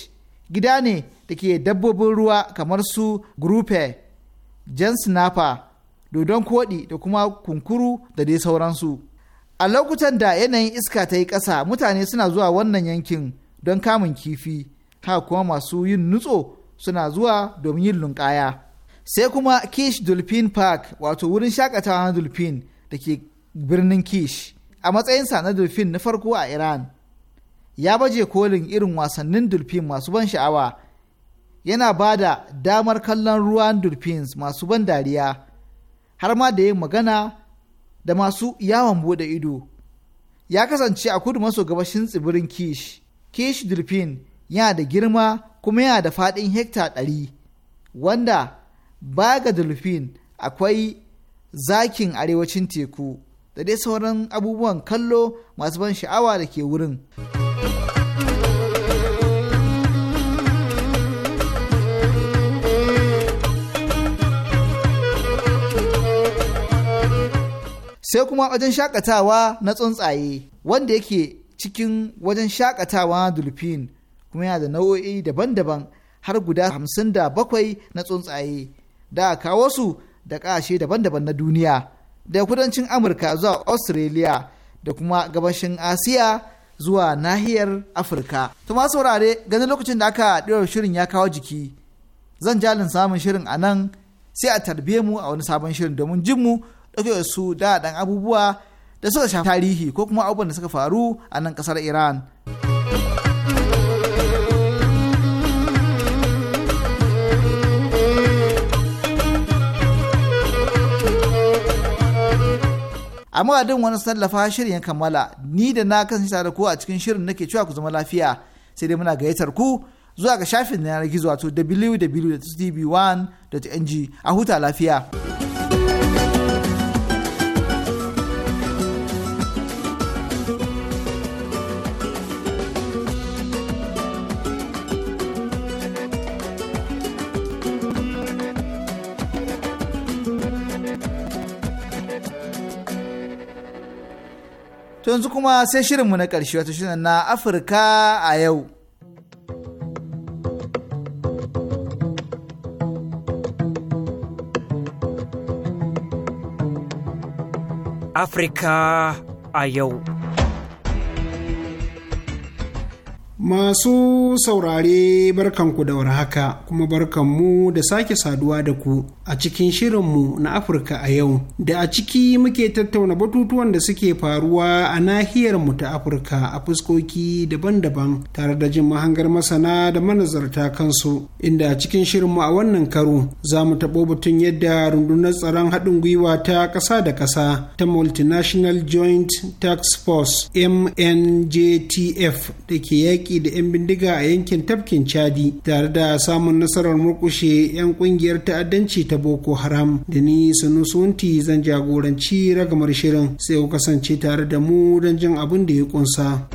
gida ne da ke dabbobin ruwa kamar su grupe jan sinafa dodon koɗi da kuma kunkuru da dai sauransu a lokutan da yanayin iska ta yi ƙasa mutane suna zuwa wannan yankin don kamun kifi haka kuma masu yin nutso suna zuwa domin yin lunƙaya sai kuma kish dolphin park wato wurin shakatawa na dolphin da ke birnin kish a matsayinsa na dolphin na farko a iran ya baje kolin irin wasannin dolphin masu ban sha'awa yana ba da damar kallon ruwan dolphins masu ban dariya har ma da yin magana da masu yawon bude ido ya kasance a kudu maso gabashin tsibirin kish kish dolphin yana da girma kuma yana da faɗin hekta ɗari wanda baya ga dolphin akwai zakin arewacin teku da dai sauran abubuwan kallo masu ban sha'awa da ke wurin. sai kuma wajen shakatawa na tsuntsaye wanda yake cikin wajen shakatawa na dulfin kuma yana da nau'o'i daban-daban har guda hamsin da bakwai na tsuntsaye da kawo su da ƙashe daban-daban na duniya da kudancin amurka zuwa australia da kuma gabashin asiya zuwa nahiyar afirka to ma saurare ganin lokacin da aka ɗora shirin ya kawo jiki zan jalin samun shirin a nan sai a tarbe mu a wani sabon shirin domin jin mu ɗauke su da ɗan abubuwa da suka shafi tarihi ko kuma abubuwan da suka faru a nan ƙasar iran a madadin wani sallafa shirin ya kammala ni da na kan tare ku a cikin shirin nake cewa ku zama lafiya sai dai muna gayyatar ku zuwa ga shafin yanar gizo wato www.tv1.ng a huta lafiya. To yanzu kuma sai shirinmu na ƙarshe wata shirin na Afirka a yau. Afirka a yau. Masu saurare barkanku da warhaka kuma barkanmu da sake saduwa da ku a cikin shirinmu na Afirka a yau da a ciki muke tattauna batutuwan da suke faruwa a nahiyarmu ta Afirka a fuskoki daban-daban tare da jin mahangar masana da manazarta kansu inda a cikin shirinmu a wannan karo za mu taɓo batun yadda rundunar tsaron haɗin gwiwa ta ƙasa da ƙasa ta multinational joint tax force mnjtf da ke yaƙi da 'yan bindiga a yankin tafkin chadi tare da samun nasarar murƙushe 'yan ƙungiyar ta'addanci ta boko haram da ni sunti zan jagoranci ragamar shirin sai ku kasance tare da mu don jin abin da ya kunsa.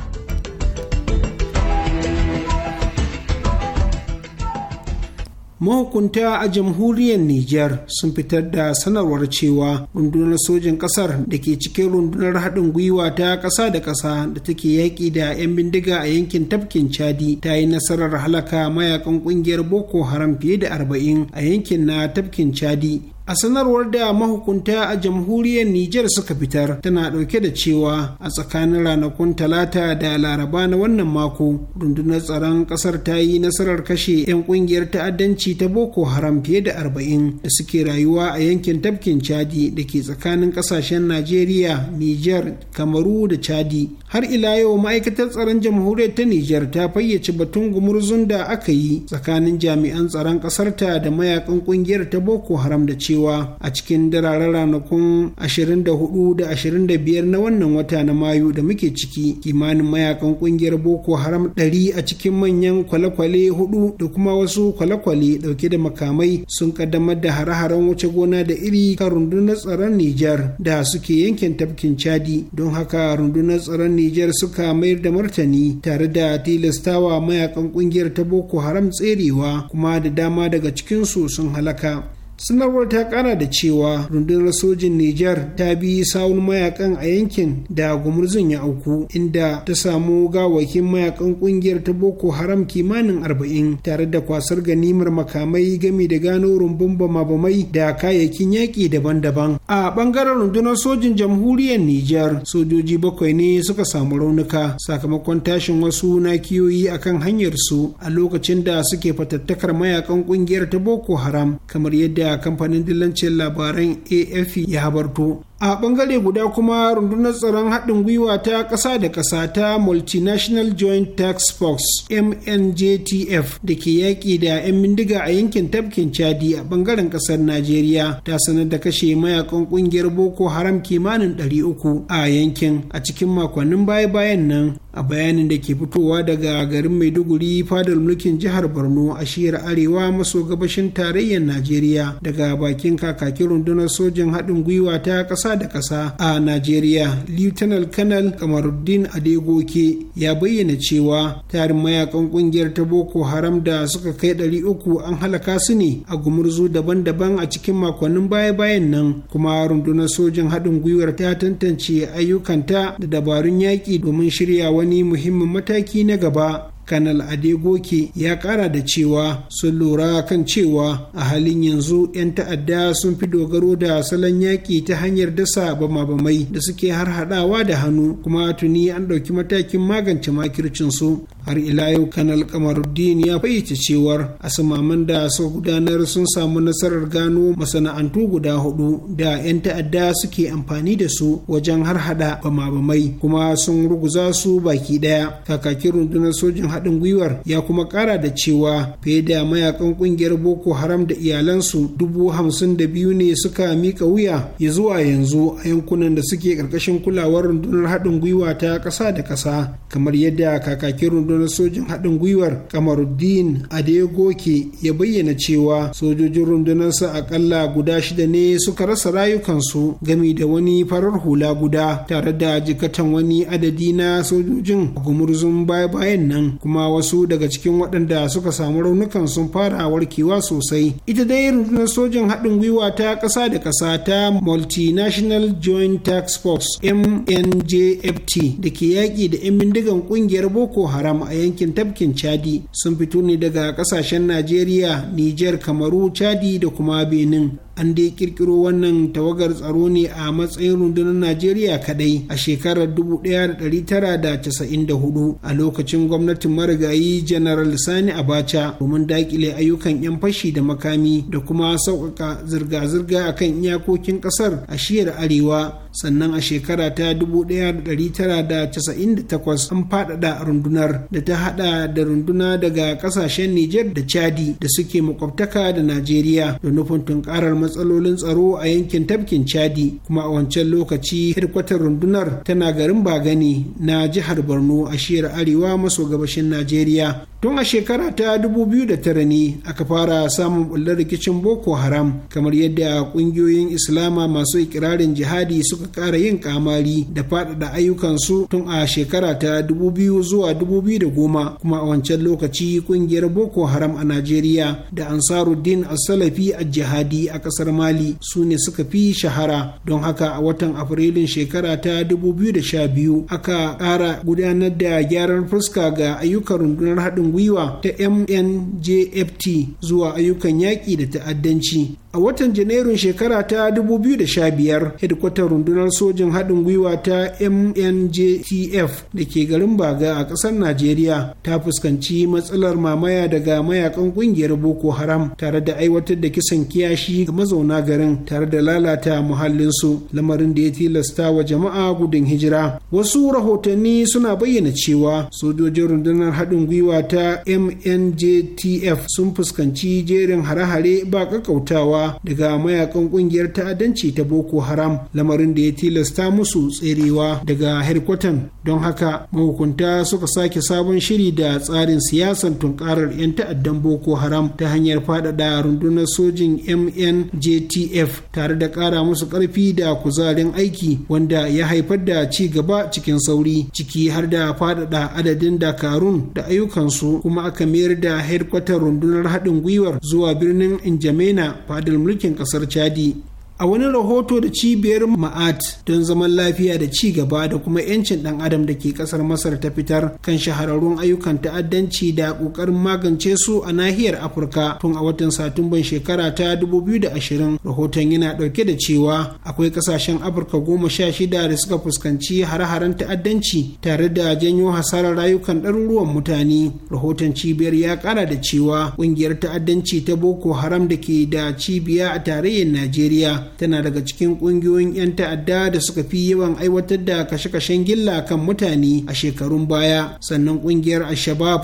mahukunta a jamhuriyar Nijar sun fitar da sanarwar cewa rundunar sojin kasar da ke cikin rundunar haɗin gwiwa ta ƙasa da ƙasa da take yaƙi da 'yan bindiga a yankin tafkin Chadi ta yi nasarar halaka mayakan ƙungiyar Boko Haram fiye da arba'in a yankin na tafkin Chadi a sanarwar da mahukunta a jamhuriyar Nijar suka fitar tana ɗauke da cewa a tsakanin ranakun talata da laraba na wannan mako rundunar tsaron ƙasar ta yi nasarar kashe 'yan ƙungiyar ta'addanci ta boko haram fiye da arba'in da suke rayuwa a yankin tafkin chadi da ke tsakanin ƙasashen najeriya nijar kamaru da chadi har ila yau ma'aikatar tsaron jamhuriyar ta Nijar ta fayyace batun gumurzun da aka yi tsakanin jami'an tsaron ƙasarta da mayakan ƙungiyar ta Boko Haram da cewa a cikin dararen ranakun 24 da 25 na wannan wata na Mayu da muke ciki kimanin mayakan ƙungiyar Boko Haram 100 a cikin manyan kwalekwale kwale hudu da kuma wasu kwalekwale kwale dauke da makamai sun kaddamar da hare-haren wuce gona da iri kan rundunar tsaron Nijar da suke yankin tafkin Chadi don haka rundunar tsaron Nijar suka mayar da martani tare da tilastawa mayakan kungiyar ta Boko Haram tserewa kuma da dama daga cikinsu sun halaka. sanarwar ta kara da cewa rundunar sojin Nijar ta bi sawun mayakan a yankin da gumurzun ya auku inda ta samu gawakin mayakan kungiyar ta Boko Haram kimanin arba'in tare da kwasar ganimar makamai gami da gano rumbun bama-bamai da kayayyakin yaƙi daban-daban. A ɓangaren rundunar sojin jamhuriyar Nijar sojoji bakwai ne suka samu raunuka sakamakon tashin wasu nakiyoyi akan hanyar su a lokacin da suke fatattakar mayakan kungiyar ta Boko Haram kamar yadda a kamfanin dillancin labaran afp e ya habarto a bangare guda kuma rundunar tsaron haɗin gwiwa ta ƙasa da ƙasa ta multinational joint tax force mnjtf da ke yaƙi da 'yan bindiga a yankin tafkin chadi a bangaren ƙasar najeriya ta sanar da kashe mayakan ƙungiyar boko haram kimanin 300 a yankin a cikin makonnin baya-bayan nan a bayanin da ke fitowa daga garin maiduguri fadar mulkin jihar borno a shiyar arewa maso gabashin tarayyar najeriya daga bakin kakakin rundunar sojin haɗin gwiwa ta ƙasa kasa da ƙasa a Najeriya, Lieutenant Colonel Kamaruddin Adegoke ya bayyana cewa tarin mayakan ƙungiyar ta Boko Haram da suka kai ɗari uku an halaka su ne a gumurzu daban-daban a cikin makonnin baya-bayan nan kuma rundunar sojin haɗin gwiwar ta tantance ayyukanta da dabarun yaƙi domin shirya wani muhimmin mataki na gaba kanal adegoke ya kara da cewa sun lura kan cewa a halin yanzu 'yan ta'adda sun fi dogaro da salon yaƙi ta hanyar dasa bama-bamai da suke har hadawa da hannu kuma tuni an ɗauki matakin magance makircin su har ila yau kanal kamaruddin ya fayyace cewar asamaman da suka gudanar sun samu nasarar gano masana'antu guda hudu da 'yan ta'adda suke amfani da su wajen har hada bama-bamai kuma sun ruguza su baki ɗaya kakakin rundunar sojin haɗin gwiwar ya kuma ƙara da cewa fiye da mayakan ƙungiyar boko haram da iyalansu dubu hamsin da biyu ne suka mika wuya ya zuwa yanzu a yankunan da suke ƙarƙashin kulawar rundunar haɗin gwiwa ta ƙasa da ƙasa kamar yadda kakakin rundunar sojin haɗin gwiwar kamaruddin adegoke ya bayyana cewa sojojin rundunarsa aƙalla guda shida ne suka rasa rayukansu gami da wani farar hula guda tare da jikatan wani adadi na sojojin a gumurzun baya-bayan nan kuma wasu daga cikin waɗanda suka samu raunukan sun fara warkewa sosai ita dai rundunar sojan haɗin gwiwa ta ƙasa da ƙasa ta multinational joint tax force mnjft da ke yaƙi da 'yan bindigan ƙungiyar boko haram a yankin tafkin chadi sun fito ne daga ƙasashen najeriya niger kamaru chadi da kuma benin an dai kirkiro wannan tawagar tsaro ne a matsayin rundunar najeriya kadai a shekarar 1994 a lokacin gwamnatin marigayi general sani abacha domin dakile ayyukan 'yan fashi da makami da kuma sauƙaƙa zirga-zirga a kan iyakokin ƙasar a shiyar arewa sannan a shekara ta 1998 an faɗaɗa rundunar da ta haɗa da runduna daga ƙasashen Nijar da Chadi da suke makwabtaka da Najeriya da nufin tunkarar matsalolin tsaro a yankin tafkin Chadi kuma a wancan lokaci hirkwatar rundunar tana garin Bagani na jihar Borno a shiyar arewa maso gabashin Najeriya tun a shekara ta 2009 ne aka fara samun bullar rikicin boko haram kamar yadda kungiyoyin islama masu ikirarin jihadi suka ƙara yin kamari da faɗaɗa ayyukansu tun a shekara ta 2000 zuwa 2010 kuma a wancan lokaci kungiyar boko haram a najeriya da ansaruddin salafi a jihadi a ƙasar mali su ne suka fi shahara don haka a watan afrilun shekara ta 2012 aka ƙara gudanar da gyaran fuska ga ayyukan rundunar haɗin gwiwa ta mnjft zuwa ayyukan yaƙi da ta'addanci a watan janairun shekara ta 2015 hedkwatar rundunar sojin haɗin gwiwa ta mnjtf da ke garin baga a ƙasar najeriya ta fuskanci matsalar mamaya daga mayakan ƙungiyar boko haram tare da aiwatar da kisan kiyashi ga mazauna garin tare da lalata muhallinsu lamarin da ya tilasta wa jama'a gudun hijira wasu rahotanni suna bayyana cewa sojojin rundunar haɗin gwiwa ta ta mnjtf sun fuskanci jerin hare-hare ba kakautawa daga mayakan ƙungiyar ta'addanci ta boko haram lamarin da ya tilasta musu tserewa daga herkwatan don haka mahukunta suka sake sabon shiri da tsarin siyasan tunkarar 'yan ta'addan boko haram ta hanyar faɗaɗa rundunar sojin mnjtf tare da ƙara musu ƙarfi da kuzarin aiki wanda ya haifar da ci gaba cikin sauri ciki har da faɗaɗa adadin dakarun da ayyukansu su kuma aka mayar da hedkwatar rundunar haɗin gwiwar zuwa birnin Injamena fadar mulkin ƙasar Chadi. a wani rahoto da cibiyar ma'at don zaman lafiya da ci gaba da kuma 'yancin ɗan adam da ke ƙasar masar ta fitar kan shahararrun ayyukan ta'addanci da ƙoƙarin magance su a nahiyar afirka tun a watan satumban shekara ta 2020 rahoton yana ɗauke da cewa akwai ƙasashen afirka goma sha shida da suka fuskanci hare-haren ta'addanci tare da janyo hasarar rayukan ɗaruruwan mutane rahoton cibiyar ya ƙara da cewa ƙungiyar ta'addanci ta boko haram da ke da cibiya a tarayyar najeriya tana daga cikin ƙungiyoyin 'yan ta'adda da suka fi yawan aiwatar da kashe-kashen gilla kan mutane a shekarun baya sannan ƙungiyar al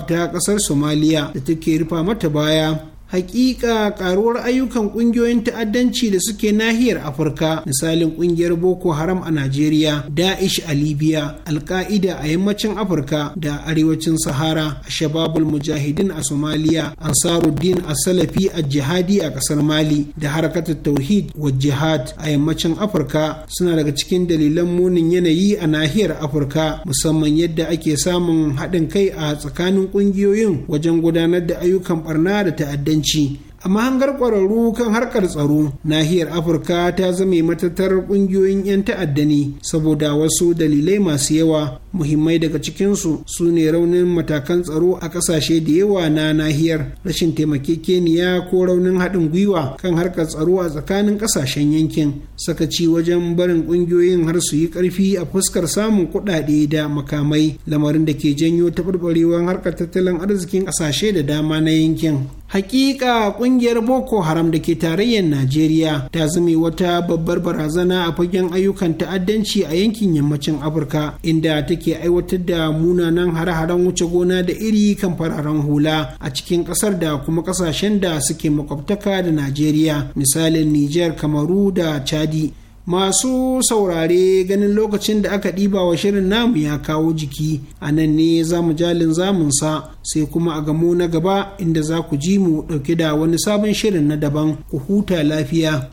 ta ƙasar Somaliya da take rufa mata baya hakika karuwar ayyukan kungiyoyin ta'addanci da suke nahiyar afirka misalin kungiyar boko haram a najeriya da'ish a libya alka'ida a yammacin afirka da arewacin sahara a shababul mujahidin a somaliya ansaruddin a salafi a jihadi a kasar mali da harkatar tauhid wa jihad a yammacin afirka suna daga cikin dalilan munin yanayi a nahiyar afirka musamman yadda ake samun haɗin kai a tsakanin kungiyoyin wajen gudanar da ayyukan barna da ta'addanci kasuwanci amma mahangar kwararru kan harkar tsaro nahiyar afirka ta zame matattar ƙungiyoyin 'yan ta'adda ne saboda wasu dalilai masu yawa muhimmai daga cikinsu su ne raunin matakan tsaro a ƙasashe da yawa na nahiyar rashin taimakekeniya ko raunin haɗin gwiwa kan harkar tsaro a tsakanin ƙasashen yankin sakaci wajen barin ƙungiyoyin har su yi ƙarfi a fuskar samun kuɗaɗe da makamai lamarin da ke janyo taɓarɓarewar harkar tattalin arzikin ƙasashe da dama na yankin hakika kungiyar boko haram da ke tarayyar najeriya ta zame wata babbar barazana a fagen ayyukan ta'addanci a yankin yammacin afirka inda take aiwatar da munanan hare-haren wuce gona da iri kan fararen hula a cikin kasar da kuma kasashen da suke makwabtaka da najeriya misalin niger kamaru da chadi masu saurare ganin lokacin da aka ɗiba wa shirin namu ya kawo jiki a nan ne za mu jalin zamunsa sai kuma a gamo na gaba inda za ku ji mu ɗauke da wani sabon shirin na daban ku huta lafiya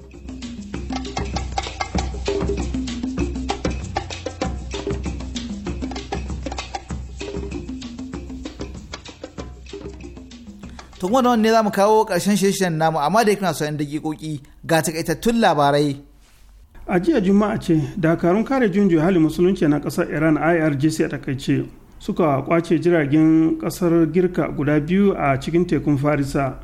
tun wani ne za mu kawo ƙarshen shirin namu amma da kuna so dakikoki ga takaitattun labarai a jiya juma'a ce dakarun kare junjo hali musulunci na kasar iran irgc a takaice suka kwace jiragen kasar girka guda biyu a cikin tekun farisa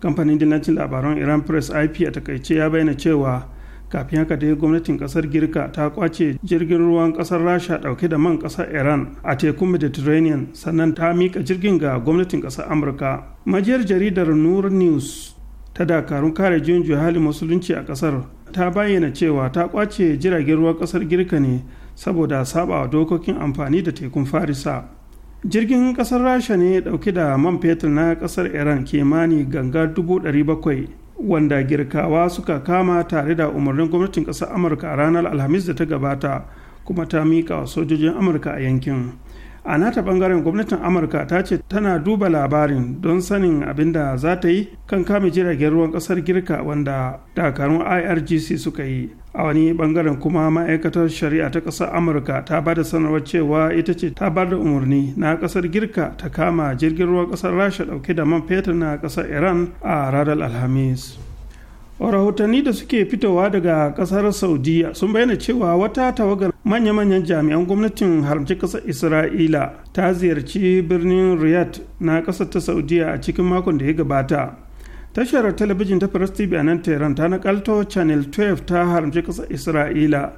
kamfanin dinacin labaran iran press ip a takaice ya bayyana cewa kafin haka dai gwamnatin kasar girka ta kwace jirgin ruwan kasar rasha dauke da man kasar iran a tekun mediterranean sannan ta mika jirgin ga gwamnatin kasar amurka majiyar jaridar nur news ta dakarun kare juyin halin musulunci a kasar ta bayyana cewa ta kwace jiragen ruwan kasar girka ne saboda sabawa dokokin amfani da tekun farisa jirgin kasar rasha ne dauke da man fetur na kasar iran kimani ganga 700 wanda girkawa suka kama tare da umarnin gwamnatin kasar amurka ranar alhamis da ta gabata kuma ta miƙa sojojin amurka a yankin a nata bangaren gwamnatin amurka ta ce tana duba labarin don sanin abin da za ta yi kan kame jiragen ruwan kasar girka wanda dakarun irgc suka yi a wani bangaren kuma ma'aikatar shari'a ta ƙasar amurka ta ba da sanarwar cewa ita ce ta ba da umarni na ƙasar girka ta kama jirgin ruwan ƙasar rasha ɗauke da man fetur na ƙasar iran a ranar alhamis rahotanni da suke fitowa daga kasar saudiya sun bayyana cewa wata tawagar manya-manyan jami'an gwamnatin haramci kasar isra'ila ta ziyarci birnin riyadh na kasar ta saudiya a cikin makon da ya gabata tashar talabijin ta press tv a nan tehran ta nakalto channel 12 ta haramci kasar isra'ila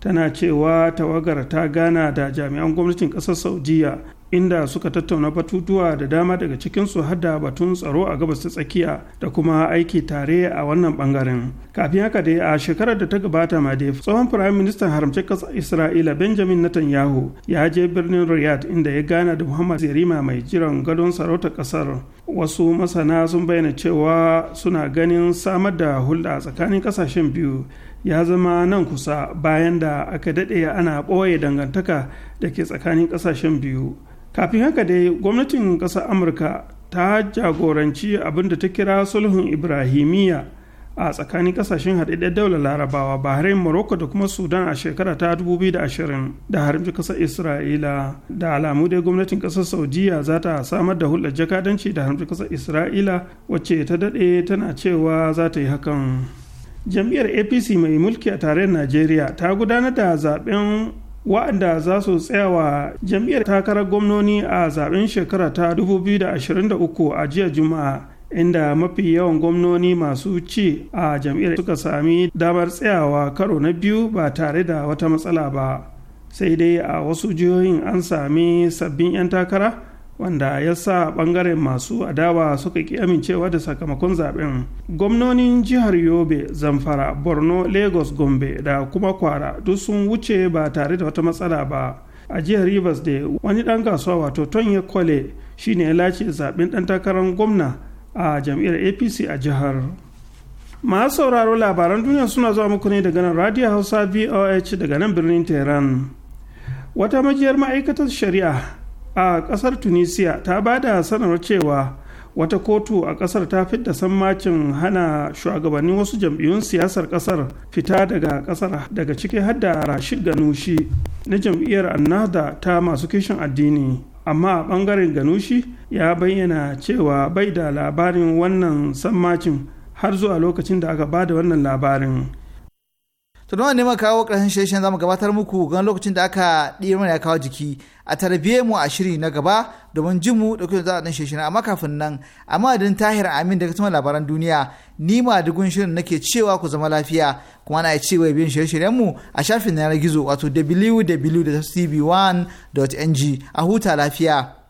tana cewa tawagar ta gana da jami'an gwamnatin kasar saudiya inda suka tattauna batutuwa da dama daga cikinsu har da batun tsaro a gabas ta tsakiya da kuma aiki tare a wannan bangaren kafin haka dai a shekarar da ta gabata ma dai tsohon firayim ministan haramcin kasa isra'ila benjamin netanyahu ya je birnin riyad inda ya gana da muhammad zerima mai jiran gadon sarauta kasar wasu masana sun bayyana cewa suna ganin samar da hulɗa tsakanin ƙasashen biyu ya zama nan kusa bayan da aka daɗe ana ɓoye dangantaka da ke tsakanin ƙasashen biyu kafin haka dai gwamnatin ƙasar amurka ta jagoranci abinda ta kira sulhun ibrahimiyya a tsakanin kasashen haɗaɗɗen daular larabawa bahrain morocco da kuma sudan a shekara ta 2020 da haramci ƙasar isra'ila da alamu dai gwamnatin ƙasar saudiya za ta samar da hulɗar jakadanci da haramci ƙasar isra'ila wacce ta daɗe tana cewa za ta yi hakan jam'iyyar apc mai mulki a tarayyar najeriya ta gudanar da zaben waɗanda za su wa jam'iyyar takarar gwamnoni a zaben shekara ta 2023 a jiya juma'a inda mafi yawan gwamnoni masu ci a jam'iyyar suka sami damar tsayawa karo na biyu ba tare da wata matsala ba sai dai a wasu jihohin an sami sabbin 'yan takara wanda ya sa bangaren masu adawa suka ki amincewa da sakamakon zaben gwamnonin jihar yobe zamfara borno lagos gombe da kuma kwara duk sun wuce ba tare da wata matsala ba a jihar rivers da wani dan kasuwa wato tonya kole shine ya lace zaben dan takarar gwamna a jam'iyyar apc a jihar masu sauraro labaran duniya suna zuwa muku ne daga nan radio hausa voh daga nan birnin tehran wata majiyar ma'aikatar shari'a a kasar tunisia ta ba da sanarwar cewa wata kotu a kasar ta fidda sammacin hana shugabannin wasu jam'iyyun siyasar kasar fita daga kasar daga ciki hadda rashid ganushi na jam'iyyar annada ta masu kishin addini amma a bangaren ganushi ya bayyana cewa bai da labarin wannan sammacin har zuwa lokacin da aka ba da wannan labarin to ne ma kawo ƙarshen shirin zamu gabatar muku gan lokacin da aka ɗiye mana ya kawo jiki a tarbiye mu a shiri na gaba domin jin mu da kuma zaɗin shirin amma kafin nan a madadin tahir amin daga kuma labaran duniya ni ma dugun shirin nake cewa ku zama lafiya kuma na ce wa biyan shirye-shiryen mu a shafin yanar gizo wato www.tv1.ng a huta lafiya.